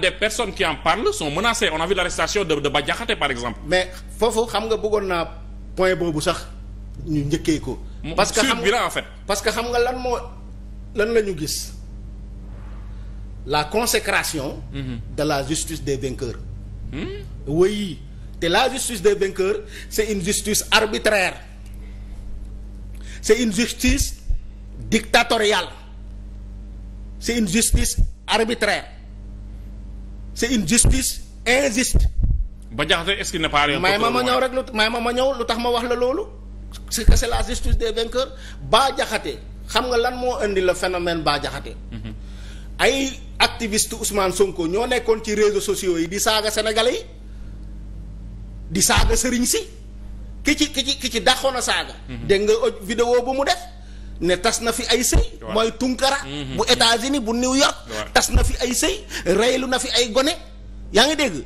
des personnes qui en parlent sont menacées on a vu l'arrestation de de Bah par exemple. mais foofu xam nga bëggoon naa point boobu sax ñu njëkkee ko. parce que xam en fait. parce que xam nga lan moo lan la ñu gis la consécration. Mhm. de la justice des vainqueurs. Hmm? oui te la justice des vainqueurs c'est une justice arbitraire c'est une justice dictatoriale c'est une justice arbitraire. c'est une justice injuste. ba jaxase est-ce qu'il may ma ma ñëw rek lu may ma ma ñëw lu tax ma wax la loolu. c'est que c'est la justice des vainqueurs Bah Diakhaté xam nga lan moo indi le phénomène Bah Diakhaté. Mm-hmm. ay activiste Ousmane Sonko ñoo nekkoon ci réseaux sociaux yi di saaga sénégalais yi di saaga sëriñ si ki ci ki ci ki ci dàqoon saaga. Mm-hmm. dégg nga vidéo bu mu def. ne tas na fi ay sëy mooy tunkara mhm. bu États-Unis bu New York tas na fi ay sëy reylu na fi ay gone yaa ngi dégg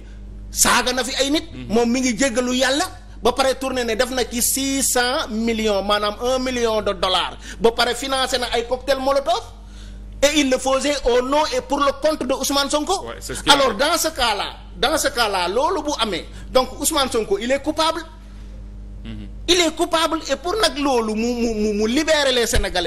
saaga na fi ay nit mhm. moom mi ngi jéggalu yàlla ba pare tourné ne def na ci six cent millions maanaam un million de dollars ba pare financé na ay cocktail molotov et il le faisait au nom et pour le compte de Ousmane Sonko ouais, dans ce cas-là dans ce loolu bu amee donc Ousmane Sonko il est coupable il est coupable et pour nag loolu mu mu mu mu libérer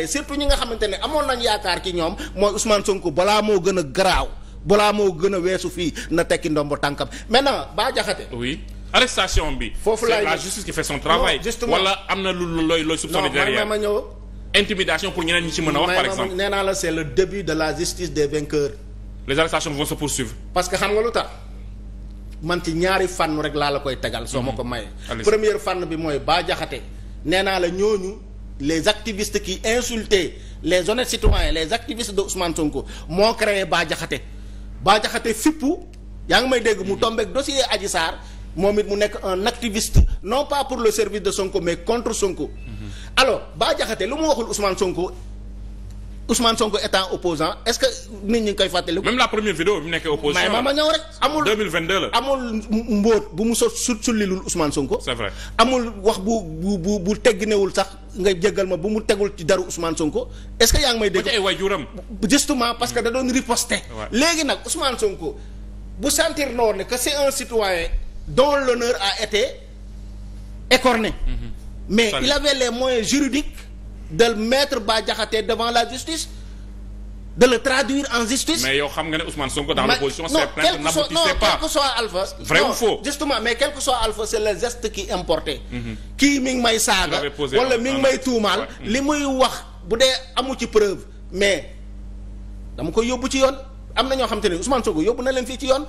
surtout ñi nga xamante ne amoon nañu yaakaar ci ñoom mooy Ousmane Sonko balaa moo gën a garaaw balaa moo gën a weesu fii na tekki ndombo tànkam maintenant Bah Diakhaté. oui arrestation bi. foofu laay la justice qui fait son travail. wala am na lu looy looy soupçonné derrière a wax. par exemple nee naa la c'est le début de la justice des vainqueurs. les arrestations vont se poursuivre. parce que xam nga lu tax. man ci ñaari fànn rek laa la koy tegal soo ma mm-hmm. ko mayee première fànn bi mooy Bah Diakhaté nee naa la ñooñu les activistes qui insultaient les honnêtes citoyens les activistes de Ousmane Sonko moo créé baajaxate Diakhaté Bah Diakhaté fippu yaa ngi may dégg mu mm-hmm. tombeek dossier Adji Sarr moom it mu nekk un activiste non pas pour le service de Sonko mais contre Sonko mm-hmm. alors Bah lu mu waxul Ousmane Sonko Ousmane Sonko étant opposant est-ce que nit ñi ngi koy fàttali. même la première vidéo bi mu nekkee opposition mais ma ñëw rek. amul 2022 la amul mbóot bu mu so su sullilul Ousmane Sonko. amul wax bu bu bu bu tegginewul sax nga jéggal ma bu mu tegul ci daru Ousmane Sonko est-ce que yaa ngi may dégg. ba ci ay waajuram. justement parce que da doon riposter. léegi nag Ousmane Sonko bu sentir noonu ne que c'est un citoyen dont l'honneur a été écorné. Mm-hmm. mais il avait les moyens juridiques. de mettre Bah Diakhaté devant la justice de le traduire en justice. mais yow xam nga ne Ousmane Sonko dans l'opposition ses plaintes n'aboutissaient pas. non quel Alpha. justement mais quel que Alpha c'est le geste qui importait. Mhm. kii mi ngi may saaga. wala mi ngi may tuumaal. Mm. li muy wax bu dee amu ci preuve mais dama koy yóbbu ci yoon am na ñoo xam te ne Ousmane Sonko yóbbu na leen fii ci yoon.